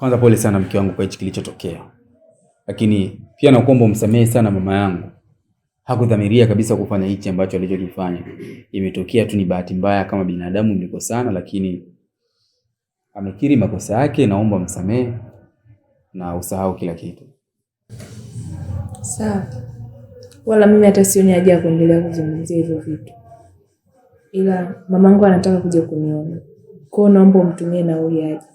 Kwanza pole sana mke wangu kwa hichi kilichotokea, lakini pia nakuomba umsamehe sana mama yangu. Hakudhamiria kabisa kufanya hichi ambacho alichokifanya, imetokea tu, ni bahati mbaya. Kama binadamu sana lakini amekiri makosa yake. Naomba msamehe na usahau kila kitu, sawa? Wala mimi hata sioni haja ya kuendelea kuzungumzia hivyo vitu, ila mamangu anataka kuja kuniona kwao, naomba umtumie nauli aje.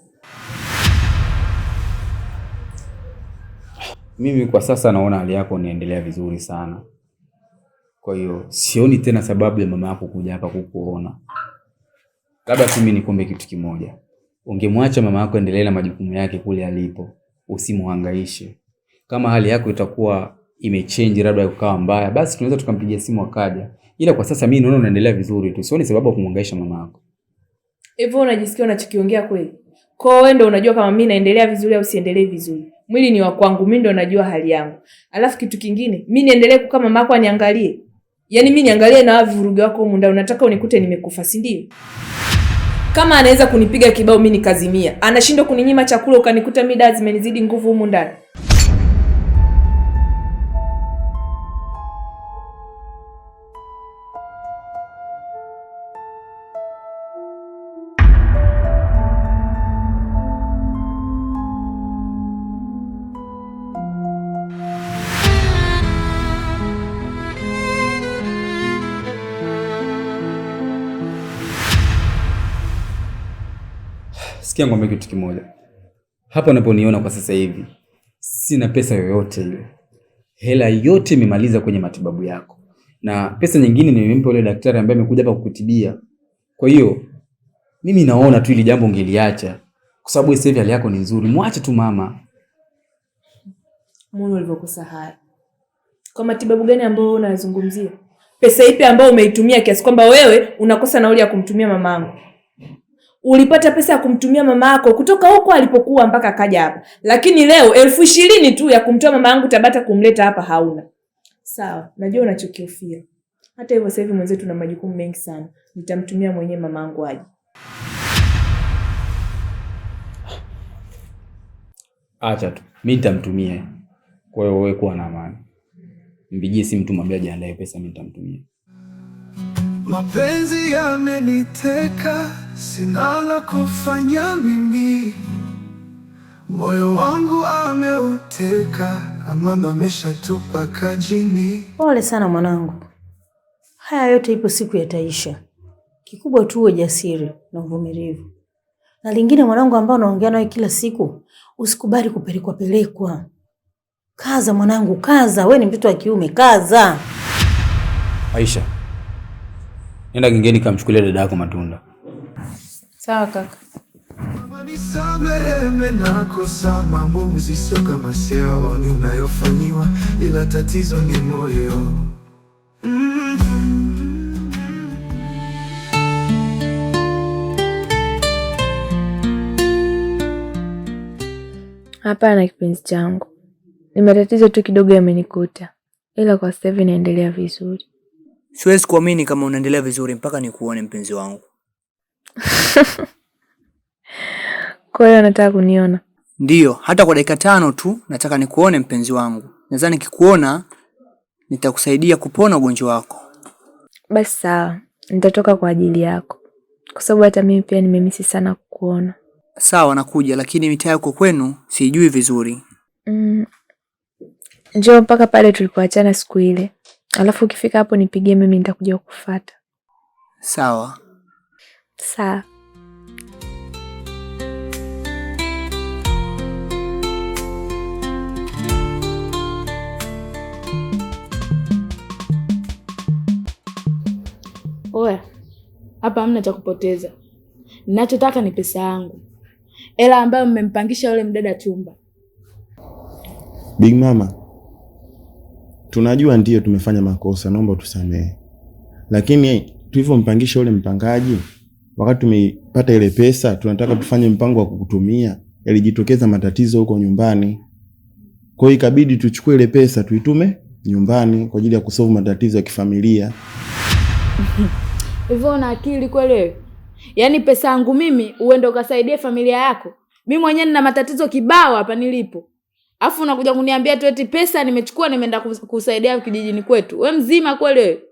mimi kwa sasa naona hali yako inaendelea vizuri sana, kwa hiyo sioni tena sababu ya mama yako kuja hapa kukuona. Labda tu mimi nikombe kitu kimoja, ungemwacha mama yako endelee na majukumu yake kule alipo, usimhangaishe. Kama hali yako itakuwa imechange, labda ukawa mbaya, basi tunaweza tukampigia simu akaja, ila kwa sasa mimi naona unaendelea vizuri tu, sioni sababu ya kumhangaisha mama yako. Hivyo unajisikia unachokiongea kweli? Kwa wewe ndio unajua kama mimi naendelea vizuri au siendelee vizuri mwili ni wa kwangu, mimi ndo najua hali yangu. Alafu kitu kingine, mimi niendelee kukaa mama yako aniangalie? Yaani mimi niangalie na virugu wako huko ndani? Unataka unikute nimekufa, si ndio? Kama anaweza kunipiga kibao mimi nikazimia, anashindwa kuninyima chakula ukanikuta mida zimenizidi nguvu humu ndani. Sikia ngombe kitu kimoja hapo unaponiona kwa sasa hivi sina pesa yoyote ile, hela yote imemaliza kwenye matibabu yako, na pesa nyingine nimempa yule daktari ambaye amekuja hapa kukutibia. Kwa hiyo mimi naona tu ile jambo ngeliacha, kwa sababu sasa hivi hali yako ni nzuri, mwache tu mama. Muone haya? Kwa matibabu gani ambayo unazungumzia? Pesa ipi ambayo umeitumia kiasi kwamba wewe unakosa nauli ya kumtumia mamangu? ulipata pesa ya kumtumia mama yako kutoka huko alipokuwa mpaka akaja hapa, lakini leo elfu ishirini tu ya kumtoa mama yangu Tabata kumleta hapa hauna. Sawa, najua unachokiofia. Hata hivyo sasa hivi mwenzetu na majukumu mengi sana, nitamtumia mwenyewe mama yangu aje. Acha tu mi nitamtumia. Kwa hiyo wewe kuwa na amani, mpigie simu tu mwambie ajiandae pesa, mi nitamtumia. Mapenzi yameniteka, sina la kufanya mimi. Moyo wangu ameuteka, Amanda ameshatupa kajini. Pole sana mwanangu, haya yote ipo siku yataisha. Kikubwa tu uwe jasiri na uvumilivu. Na lingine mwanangu, ambao unaongea naye kila siku, usikubali kupelekwa pelekwa. Kaza mwanangu, kaza. We ni mtoto wa kiume, kaza. Aisha Nenda kingeni kamchukulia dada yako matunda. Sawa kaka. nakosa sio kama sio unayofanyiwa, ila tatizo ni moyo. Hapana kipenzi changu, ni matatizo tu kidogo yamenikuta, ila kwa sasa hivi naendelea vizuri. Siwezi kuamini kama unaendelea vizuri mpaka nikuone mpenzi wangu. Kwa hiyo nataka kuniona? Ndiyo, hata kwa dakika tano tu nataka nikuone mpenzi wangu. Nadhani nikikuona nitakusaidia kupona ugonjwa wako. Basi sawa, nitatoka kwa ajili yako, kwa sababu hata mimi pia nimemisi sana kukuona. Sawa, nakuja, lakini mitaa yako kwenu sijui vizuri. Mm, njoo mpaka pale tulipoachana siku ile. Alafu ukifika hapo nipigie mimi nitakuja kukufuata. Sawa. Sawa. Oya, hapa hamna cha kupoteza. Ninachotaka ni pesa yangu, hela ambayo mmempangisha yule mdada chumba. Big mama tunajua ndio tumefanya makosa, naomba utusamehe. Lakini tulivyompangisha ule mpangaji, wakati tumepata ile pesa, tunataka tufanye mpango wa kukutumia, yalijitokeza matatizo huko nyumbani. Kwa hiyo ikabidi tuchukue ile pesa tuitume nyumbani kwa ajili ya kusolve matatizo ya kifamilia. Hivyo una akili kweli? Yaani pesa yangu mimi uende ukasaidie familia yako? Mimi mwenyewe nina matatizo kibao hapa nilipo afu unakuja kuniambia tu eti pesa nimechukua nimeenda kusaidia kijijini kwetu. Wewe mzima kweli wewe?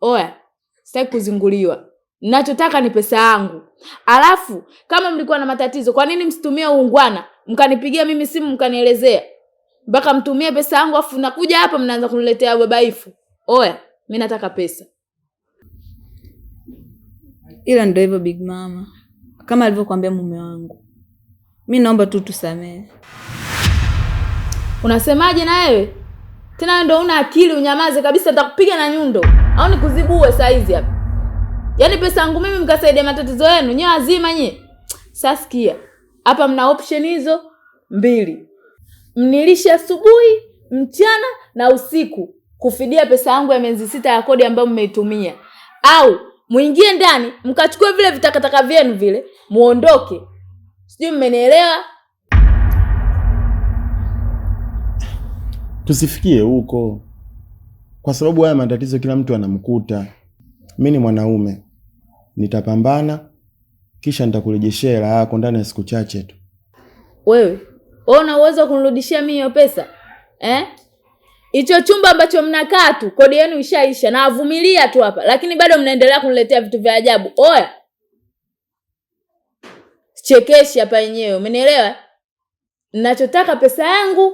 Oya, sitaki kuzinguliwa Ninachotaka ni pesa yangu. Alafu kama mlikuwa na matatizo, kwa nini msitumie uungwana? Mkanipigia mimi simu mkanielezea. Mpaka mtumie pesa yangu afu nakuja hapa mnaanza kuniletea babaifu. Oya, mimi nataka pesa. Ila ndio hivyo Big Mama. Kama alivyokuambia mume wangu. Mimi naomba tu tusamehe unasemaje na wewe tena? Ndio una akili unyamaze kabisa, nitakupiga na nyundo au nikuzibue saa hizi hapa. Yaani pesa yangu mimi mkasaidia matatizo yenu nyewe, azima nye. Sasa sikia hapa, mna option hizo mbili, mnilishe asubuhi, mchana na usiku, kufidia pesa yangu ya miezi sita ya kodi ambayo mmeitumia, au muingie ndani mkachukue vile vitakataka vyenu vile muondoke. Sijui mmenielewa? tusifikie huko, kwa sababu haya matatizo kila mtu anamkuta. Mi ni mwanaume, nitapambana kisha nitakurejeshia hela yako ndani ya siku chache tu. Wewe una uwezo wa kunirudishia mimi hiyo pesa eh? hicho Chumba ambacho mnakaa tu, kodi yenu ishaisha, nawavumilia tu hapa, lakini bado mnaendelea kuniletea vitu vya ajabu. Oya, chekeshi hapa yenyewe, umenielewa? Nachotaka pesa yangu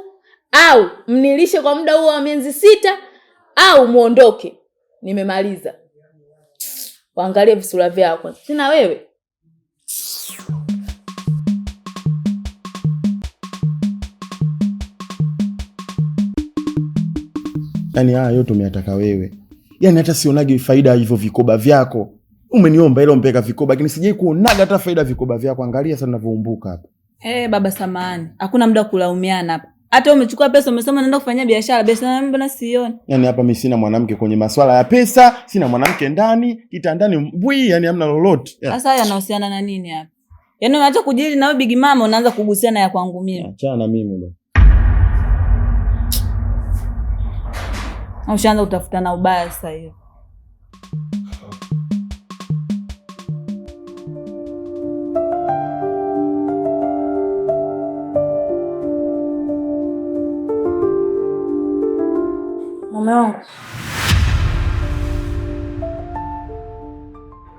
au mnilishe kwa muda huo wa miezi sita au muondoke. Nimemaliza. Waangalie visura vyao sina wewe yani haya yote umeyataka wewe, yani hata sionage faida hivyo vikoba vyako. Umeniomba ile umpeka vikoba, lakini sijai kuonaga hata faida vikoba vyako. Angalia sana unavyoumbuka hapa. Eh, baba samani, hakuna muda wa kulaumiana hapa hata umechukua pesa umesema naenda kufanyia biashara, biashara mbona sioni? Yani hapa mimi sina mwanamke kwenye masuala ya pesa, sina mwanamke ndani kitandani, mbwi, yani hamna lolote. Sasa haya yanahusiana na nini hapa? Yani unaacha kujili na wewe Big Mama, unaanza kugusia na ya kwangu mimi. Achana na mimi bwana. Ushaanza kutafuta na ubaya sasa hivi. mume wangu?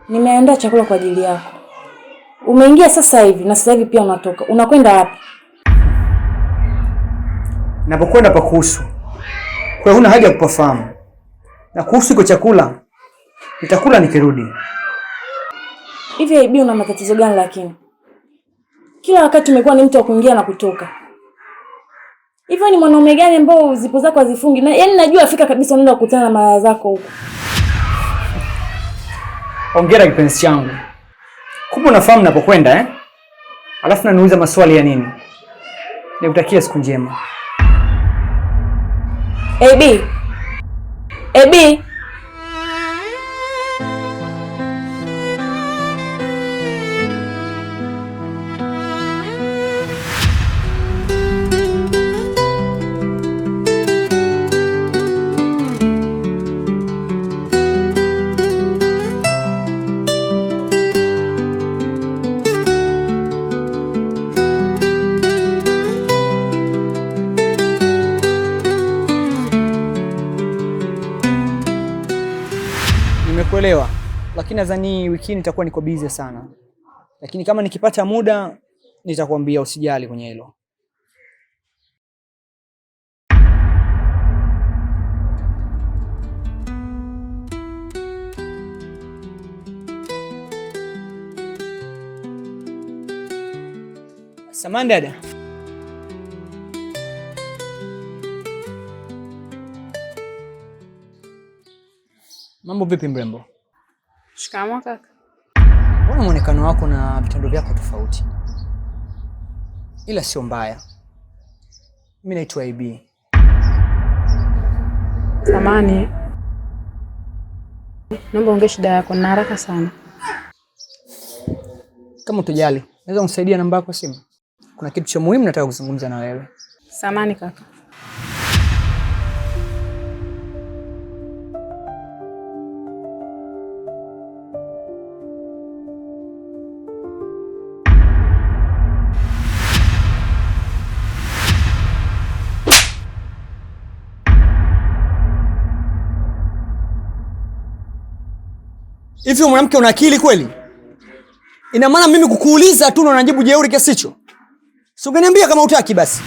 Nimeandaa chakula kwa ajili yako. Umeingia sasa hivi na sasa hivi pia unatoka. Unakwenda wapi? Napokwenda pa kuhusu. Kwa huna haja ya kupafahamu. Na kuhusu iko chakula nitakula nikirudi. Hivi Aibi, una matatizo gani lakini? Kila wakati umekuwa ni mtu wa kuingia na kutoka. Hivyo ni mwanaume gani ambao zipo zako hazifungi? Na yaani najua afika kabisa unaenda kukutana na mara zako huko. Ongera kipenzi changu. Kumbe unafahamu napokwenda eh? Alafu naniuliza maswali ya nini? Nikutakia siku njema. AB. AB. nadhani wiki nitakuwa niko busy sana, lakini kama nikipata muda nitakwambia, usijali kwenye hilo. Samahani dada. Mambo vipi mrembo? Shikamoo kaka. Mbona mwonekano wako na vitendo vyako tofauti? Ila sio mbaya. Mimi naitwa IB. Samani, naomba ongea shida yako na haraka sana. Kama utojali, naweza kusaidia namba yako simu? Kuna kitu cha muhimu nataka kuzungumza na wewe. Samani kaka. hivi mwanamke una akili kweli ina maana mimi kukuuliza tu unajibu jeuri kiasi hicho si ungeniambia kama utaki basi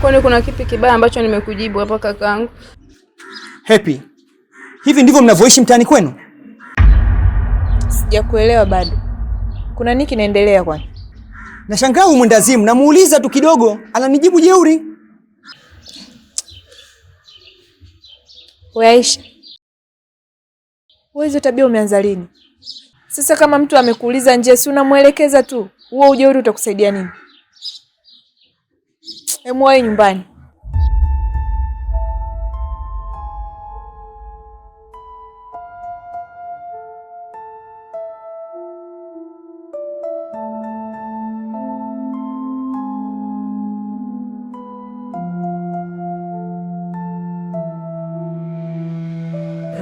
kwani kuna kipi kibaya ambacho nimekujibu hapa kakaangu Happy hivi ndivyo mnavyoishi mtaani kwenu sijakuelewa bado kuna nini kinaendelea kwani nashangaa huyu mwendazimu namuuliza tu kidogo ananijibu jeuri weaisha wewe hizo tabia umeanza lini? Sasa kama mtu amekuuliza nje, si unamwelekeza tu. Huo ujeuri utakusaidia nini? Hemwahi nyumbani.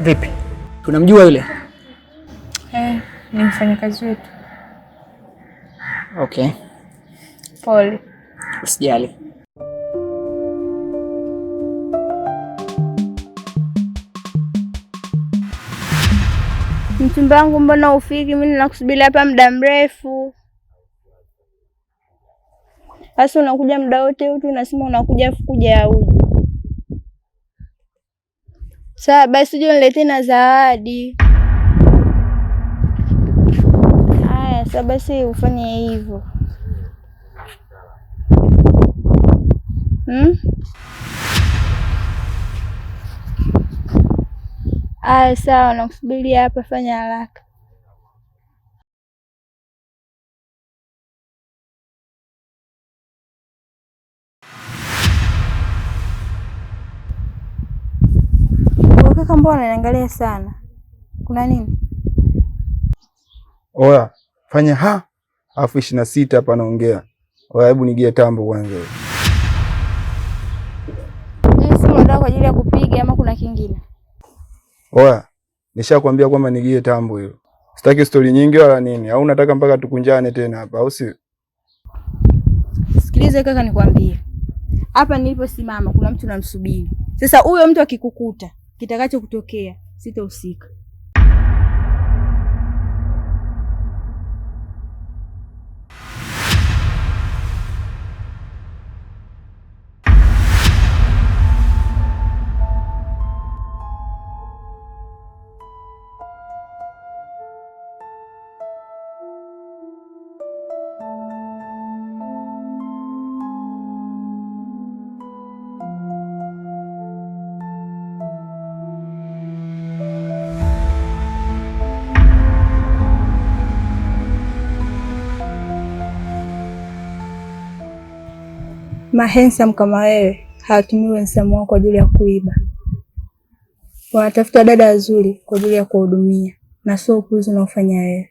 Vipi? Unamjua yule? Eh, ni mfanyakazi wetu. Okay. Pole. Usijali. Mchumba wangu, mbona ufiki? Mimi ninakusubiri hapa muda mrefu. Sasa unakuja muda wote hutu, unasema unakuja, afu kuja auji Sawa basi, uje uniletee na zawadi. Haya, sawa basi, ufanye hivyo hmm? Aya, sawa, nakusubiria hapa, fanya haraka. kaka, mbona unaniangalia sana? Kuna nini? Oya, fanya ha alafu ishirini na sita hapa naongea. Oya, hebu nigie tambo kwanza. Hii simu ndio kwa ajili ya kupiga ama kuna kingine? Oya, nishakwambia kwamba nigie tambo hiyo. Sitaki stori nyingi wala nini, au unataka mpaka tukunjane tena hapa, au sio? Sikiliza kaka, nikwambie hapa simama kuna mtu namsubiri. Sasa huyo mtu akikukuta kitakacho kutokea, sitahusika. mahensam kama wewe hawatumii wensamu wao kwa ajili ya kuiba, wanatafuta dada wazuri kwa ajili ya kuwahudumia na sio upuzi unaofanya wewe.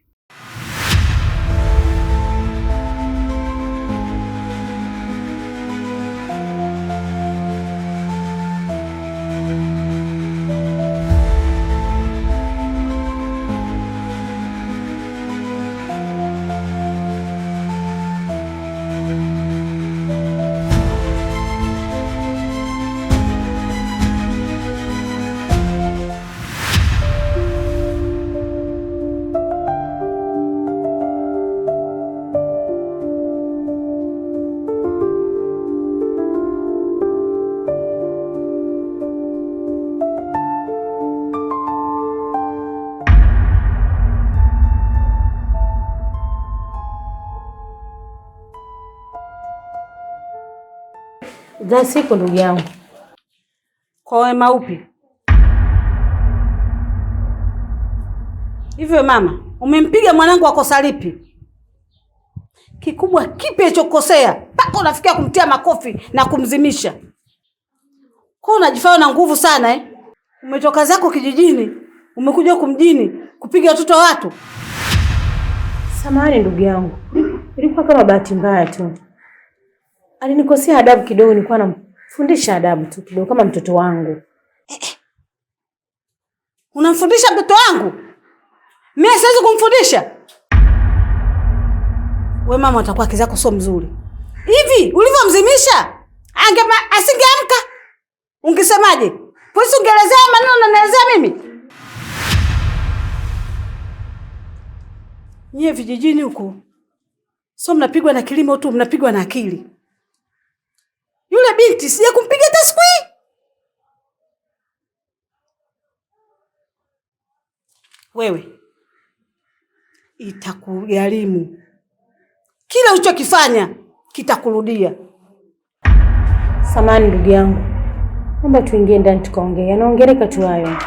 za siku, ndugu yangu, kwa wema upi hivyo? Mama, umempiga mwanangu akosa lipi kikubwa? Kipi alichokosea mpaka unafikia kumtia makofi na kumzimisha? Kwa unajifanya na nguvu sana eh? Umetoka zako kijijini umekuja huku mjini kupiga watoto wa watu. Samahani ndugu yangu, ilikuwa kama bahati mbaya tu alinikosea adabu kidogo, nilikuwa namfundisha adabu tu kidogo kama mtoto wangu. Eh, Unamfundisha mtoto wangu? Mimi siwezi kumfundisha. We mama, utakuwa akili zako sio mzuri. Hivi ulivyomzimisha angema asingeamka. Ungesemaje? Polisi ungeelezea maneno unanielezea mimi? Nyie vijijini huko sio mnapigwa na kilimo tu, mnapigwa na akili yule binti sija kumpiga hata siku hii. Wewe itakugharimu, kila ulichokifanya kitakurudia. Samani ndugu yangu, naomba tuingie ndani tukaongee, yanaongeleka tu hayo.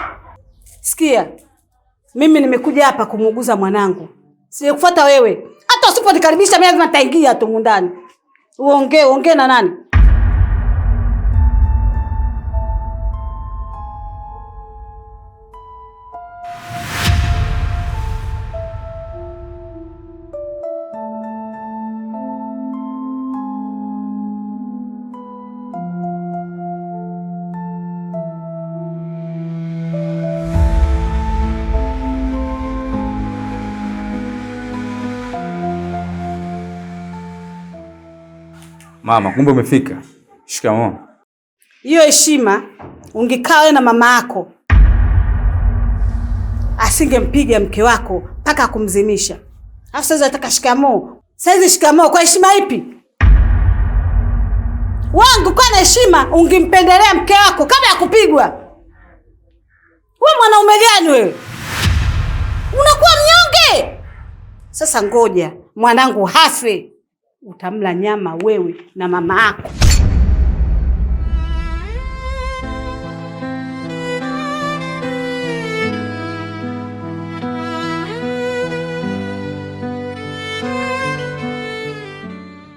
Sikia, mimi nimekuja hapa kumuuguza mwanangu, sijakufuata wewe. Hata usiponikaribisha mimi lazima nitaingia tu ndani, uongee uongee na nani Mama, kumbe umefika. Shikamoo. Hiyo heshima ungekaa wewe na mama yako, asingempiga mke wako mpaka kumzimisha Afu sasa nataka shikamoo. Saizi shikamoo kwa heshima ipi? Wangu kwa na heshima ungimpendelea mke wako kama ya kupigwa. Wewe mwanaume gani wewe? Unakuwa mnyonge. Sasa ngoja mwanangu hafe utamla nyama wewe na mama yako.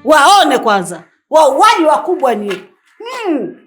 Waone kwanza wauaji wakubwa ni mm.